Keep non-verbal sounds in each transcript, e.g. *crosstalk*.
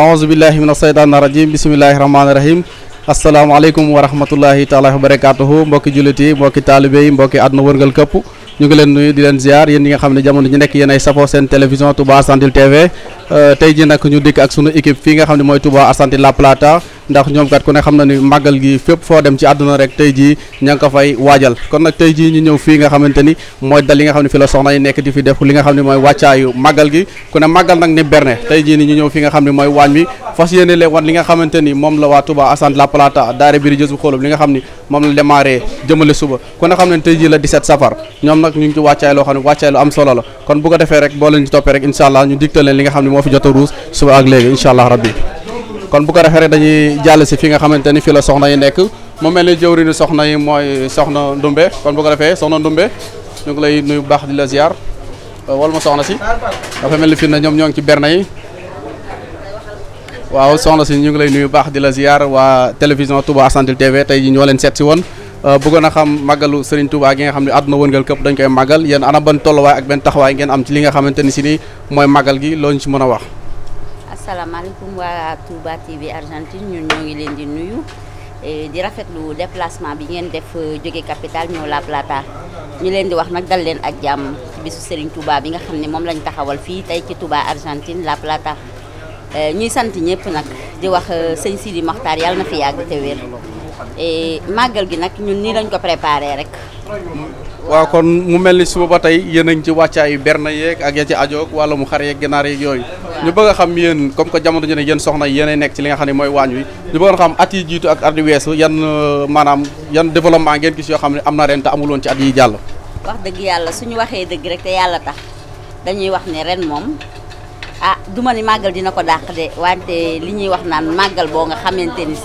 ahousubillahi min asheytaan irajim bisimillahi rahmaanirahim asalaamaaleykum wa rahmatullahi taala wa barakatuhu mbokki jullit yi mbokki taalibé yi mbokki àdduna wërngal këpp ñu ngi leen nuyu di leen ziar yéen ñi nga xam ne jamono ñu nekk yéen ay safoo seen télévision Touba Argentine TV tey ji nag ñu dikk ak sunu équipe fi nga xam ne mooy Touba Argentine La Plata ndax ñoom kat ku ne xam na ni màggal gi fépp foo dem ci àdduna rek tey ji ña ngi ko fay waajal kon nag tey jii ñu ñëw fii nga xamante ni mooy dal li nga xam ne fi la di fi def li nga xam ne mooy wàccaayu màggal gi ku ne màggal nag ni berne tey jii fi nga xam ne mooy waañ mi fas yéene leen wan li nga xamante ni moom la waa Touba Assane La Plata daare biri jësu xóolub li nga xam ni moom la démarré jëmale suba ku ne xam ne tey ji la 17 safar ñoom nag ñu ngi ci loo xam ne wàccaay lu am solo la kon bu ko defee rek boo leen ci toppee rek incha allah ñu digtal leen li nga xam ne moo fi jot a ruus suba ak léegi incha kon bu ko defee dañuy jàll si fi nga xamante ni fii la soxna yi nekk mu mel ni jëwriñu soxna yi mooy soxna Ndumbe kon bu ko defee soxna Ndumbe ñu ngi lay nuyu baax di la ziar euh, wala ma soxna si dafa mel ni fii na ñoom ñoo ngi ci berne yi waaw soxna si ñu ngi lay nuyu baax di la waa télévision Touba Argentine TV tey ji ñoo leen seet si woon euh, bëggoon a xam màggalu Serigne Touba gi nga xam ne àdduna wëngal këpp dañ koy màggal yéen ana ban tolluwaay ak benn taxawaay ngeen am ci li nga xamante ni si ni mooy màggal gi loo ñu ci mën a wax asalaamaaleykum waa Touba TV Argentine ñun ñoo ngi leen di nuyu di rafetlu déplacement bi ngeen def euh, jóge capital ñëw La Plata ñu leen di wax nag dal leen ak jàmm bisu Serigne Touba bi nga xam ne moom lañ taxawal fii tey ci Touba Argentine La Plata euh, ñuy sant ñëpp nag di wax euh, sëñ Sidi Maxtaar yàlla na fi yàgg te wér màggal gi nag ñun nii lañ ko préparé rek waaw kon mu mel ni suba ba tey yéen a ngi ci wàccaayu berne yeeg ak ya ci ajoog wala mu xar yeeg ginaar yeeg yooyu ñu bëgg a xam yéen comme que jamono ji ne yéen soxna yéenay nekk ci li nga xam ne mooy waañ wi ñu bëggoon xam at yi jiitu ak at yi weesu yan euh, maanaam yan développement ngeen gis yoo xam ne am na ren te amuloon ci at yi jàll wax dëgg yàlla suñu waxee dëgg rek te yàlla tax dañuy wax ne ren moom ah duma ni màggal dina ko dàq de wante li ñuy wax naan màggal boo nga xamante ni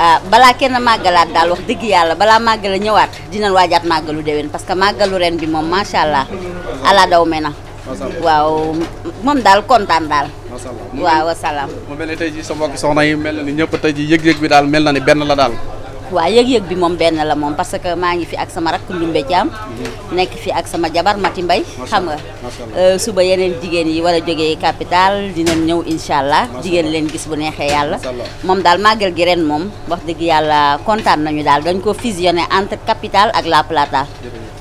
Ah, balaa kenn màggalaat daal wax dëgg yàlla balaa màggala ñëwaat dinañ waajaat màggalu déwén parce que màggalu ren bi moom macha allah ala daw na waaw moom daal kontaan daal waaw wasalaam mu mel ni tey ji sa mbokk soxna yi na ni ñëpp tey yëg-yëg bi daal mel na ni benn la daal waa yëg-yëg bi moom benn la moom parce que maa ngi fi ak sama rakk Ndumbe Thiam mhm. nekk fi ak sama jabar Mati Mbay xam nga euh, suba yeneen jigéen yi war a jógee capital dinañ ñëw incha allah jigéen leen gis bu neexee yàlla moom daal màggal gi ren moom wax dëgg yàlla kontaan nañu daal dañ ko fusionné entre capital ak La Plata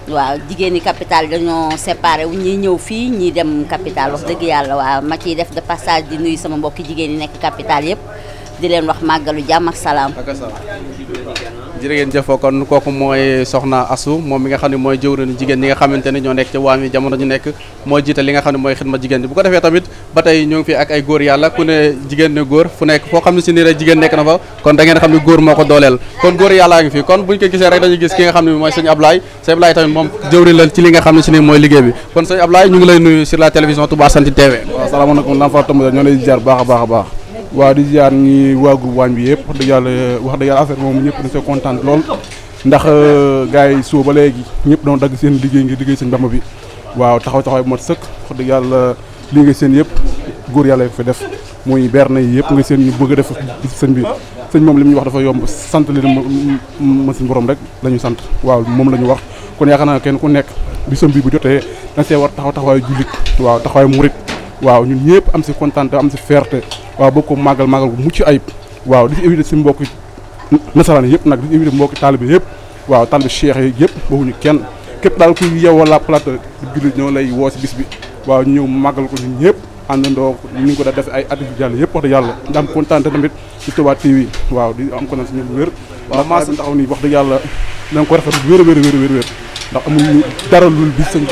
waaw jigéen ñi capital dañoo separe wu ñuy ñëw fii ñiy dem capital wax dëgg yàlla waa ma ciy def de passage di nuyu sama mbokki jigéen yi nekk capital yëpp di leen wax màggalu jàmm ak salaam. jërë ngeen jëf kon kooku mooy soxna Asu moom mi nga xam ne mooy jëwriñu jigéen ñi nga xamante ne ñoo nekk ci waam yi moo jiite li nga xam ne mooy xidma jigéen ñi bu ko defee tamit ba tey ñoo ngi fi ak ay góor yàlla ku ne jigéen ne góor fu nekk foo xam ne si nii rek jigéen nekk na fa kon da ngeen xam ne góor moo ko dooleel kon góor yàllaa ngi fi kon buñ ko gisee rek dañuy gis ki nga xam ne mooy sëñ Ablaye sëñ tamit moom jëwriñ la ci li nga xam ne si nii mooy liggéey bi kon sëñ Ablaye ñu ngi lay nuyu a baax waaw di ziar ñi waagu waañ bi yëpp wax dëgg yàlla wax dëgg affaire moom ñëpp dañ see kontaan lool ndax euh, gars yi suba ba léegi ñëpp doon dagg seen liggéey ngi liggéey seen Bamba bi waaw taxaw taxaw bu mat sëkk wax yàlla li seen yëpp góor yàlla yi fa def muy berna yi yëpp nga seen bëgg a def sëñ bi sëñ moom li mu wax dafa yomb sant leen ma suñ borom rek la sant waaw moom la ñu wax kon yaakaar naa kenn ku nekk bi sëñ bi bu jotee dañ see war taxaw taxawaayu jullit waaw taxawaayu murit waaw ñun ñëpp am si kontaan am si feerte waaw bëgg ko màggal màggal ko mucc ayib waaw di ci éviter si mbokki nasaraan yëpp nag di ci éviter mbokki taalibe yëpp waaw taalibe cheikh yi yëpp waxuñu kenn daal ku yeewoo la plate di lay woo si bis bi waaw ñëw màggal ko ñun ñëpp àndandoo ni nga ko daa def ay at yu jàll yëpp wax dëgg yàlla da am kontaan tamit ci Touba waaw di am kontaan si ñoom wér waaw maa si taxaw wax dëgg yàlla na nga ko rafet wér wér wér wér wér ndax amuñu dara lul bis sëñ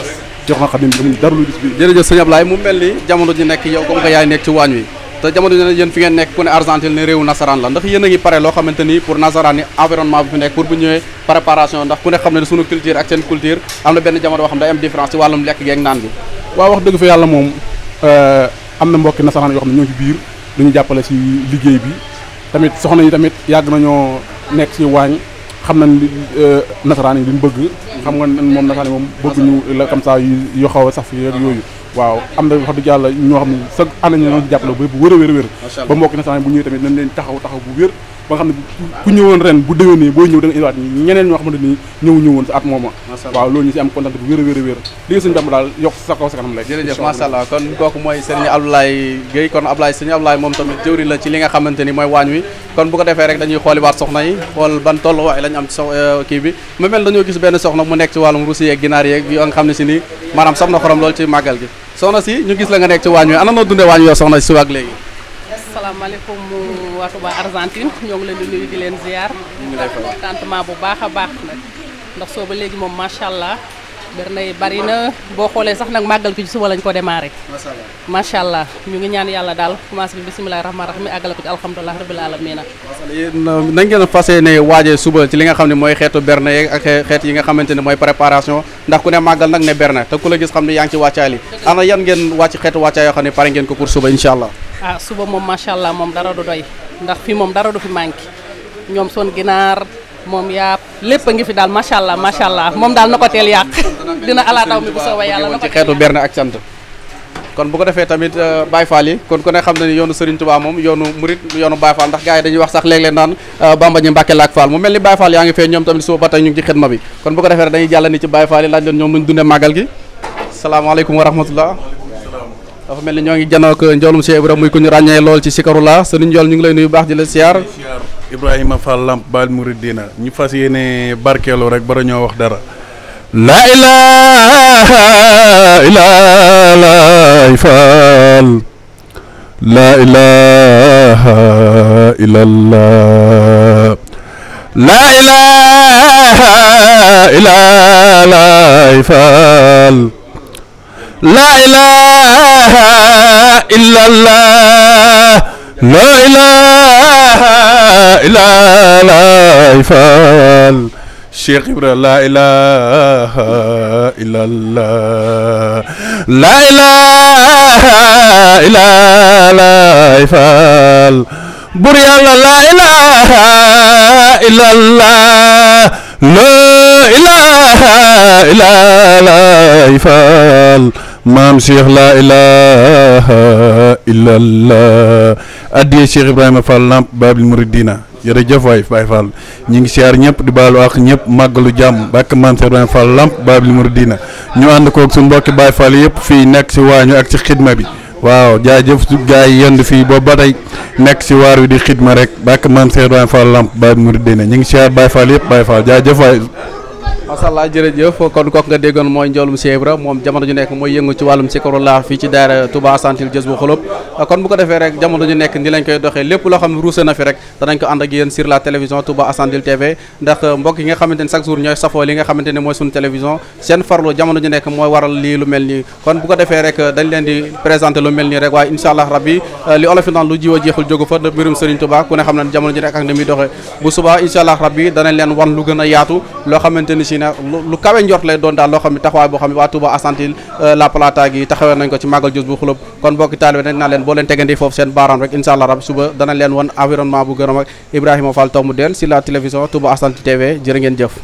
jox nga xam ne amuñu dara lul bis bi jërëjëf sëñ Ablaye mu mel ni jamono ji nekk yow comme que yaay nekk ci waañ wi te jamono ji ne fi ngeen nekk ku ne Argentine ne réewu nasaraan la ndax yéen a ngi pare loo xamante ni pour nasaraan yi environnement bi fi nekk pour bu ñëwee préparation ndax ku ne xam ne sunu culture ak seen culture am na benn jamono boo xam ne day am différence ci wàllum lekk geeg naan bi waaw wax dëgg fa yàlla moom euh, am na mbokki nasaraan yoo xam ne ñoo ci biir duñu jàppale ci liggéey bi tamit soxna yi tamit yàgg nañoo nekk ci waañ xam nañ euh, nasaraan yi duñ bëgg xam nga moom nasaraan yi moom bëgguñu la comme ça yu xaw a saf yooyu waaw am na wax dëgg ñoo xam ne chaque année ñu doon si jàppale bu wér a wér ba mbokk na sax bu ñëwee tamit nañ leen taxaw taxaw bu wér ba nga xam ne ku ñëwoon ren bu déwénee booy ñëw da nga ñeneen ñoo xamante ni ñëw ñëwoon sa at mooma waaw loolu ñu si am kontaan bu wér a wér a wér liggéey sëñ Bamba daal kon kooku mooy sëriñ Abdoulaye Guèye moom tamit jëwri la ci li nga xamante ni mooy waañ wi kon bu ko defee rek dañuy xooliwaat soxna yi xool ban toll waaye lañ am ci so euh, kii bi mu mel dañoo gis benn soxna mu nekk ci wàllum rusi yeeg ginaar yeeg yoo nga xam ne si ni maanaam saf na xorom loolu ci màggal gi soxna si ñu asalaamaaleykum euh, waa Touba Argentine ñoo ngi leen di di leen ziar. ñu bu baax a baax nag ndax soo ba léegi moom macha allah berne yi bari na boo xoolee sax nag màggal ko suba lañ ko démarré. macha allah ñu ngi ñaan yàlla daal commencé bi bisimilah rahmaani rahiim àggale ko ci alhamdulilah rabil aalamiina. macha allah yéen euh, ngeen fas yéene waajee suba ci li nga xam ne mooy xeetu berne yeeg ak xeet yi nga xamante ne mooy préparation ndax ku ne màggal nag ne berne te ku la gis xam ne yaa ngi ci wàccaay li ana yan ngeen wàcc xeetu wàccaay yoo xam ne pare ngeen ko pour suba incha allah. Ah, suba moom moom yaa lépp a ngi fi daal macha allah allah moom daal na ko teel yàq *laughs* dina ala taw bu soobee yàlla na xeetu berne ak sant kon bu ko defee tamit euh, Baye Fall yi kon ku ne xam na ni yoonu Serigne Touba moom yoonu Murit yoonu Baye Fall ndax gars yi dañuy wax sax léeg-léeg naan euh, Bamba ñi Mbàkke laak Fall mu mel ni Baye Fall yaa ngi fee ñoom tamit suba ñu ngi ci xidma bi kon bu ko defee dañuy jàll ni ci Baye Fall yi laaj leen ñoom nuñ dundee màggal gi salaamaaleykum wa rahmatullah mel ni ñoo ngi janoo ak euh, njoolum Cheikh Ibrahima muy ku ràññee lool ci sikarullah Serigne Njool ñu ngi lay nuyu baax di la siyaar Ibrahima a Lamp Baal Mouridina ñu fas yéene barkeelu rek bara ñoo wax dara la ilaha illallah faal la ilaha illallah la ilaha illallah faal la ilaha ilaa laay faal Cheikh Ibra laa ilaaha illallah laa ilaaha ilaa laay faal bur yàlla laa ilaaha illallah laa ilaaha ilaa laay faal maam Cheikh laa ilaaha illallah addiya Cheikh Ibrahima Fall Lamp Babil Mouridina jërëjëf waay Baye Fall ñu ngi siyaar ñëpp di baalu ak ñëpp màggalu jàmm bàkk man Seex Baye Fall lamp Baabul na ñu ànd koog suñu mbokki Baye faal yëpp fii nekk si waañu ak si xidma bi waaw jaajëf gaa yi yend fii boobu ba tey nekk si waar wi di xidma rek bàkk man Seex Baye Fall lamp Baabul na ñu ngi siyaar Baye Fall yëpp baay Fall jaajëf waay macha allah jërëjëf kon kooku nga déggoon mooy njoolum Cheikh moom jamono ju nekk mooy yëngu ci wàllum sikarullah fii ci fi rek danañ ko ànd ak yéen euh, kon bu ko defee rek euh, dañ leen di présenter lu mel nii rek waaye incha allah rabbi euh, li olof yi naan lu jeexul jógu fa mbirum Serigne Touba ku ne xam ne jamono ju nekk ak ni muy doxee bu subaa incha allah rabbi danañ leen wan lu gën a yaatu loo xamante ni rawatina lu kawe njort lay doon daal loo xam ne taxawaay boo xam ne waa Touba Argentine euh, La Plata gi taxawee nañ ko ci màggal Jës bu Xulub kon mbokki taalibe nag naa leen boo leen tegandi foofu seen baaraam rek incha allah rab suba danañ leen wan environnement bu gën a mag Ibrahima Fall tomb del si la télévision Touba Argentine TV jërë ngeen jëf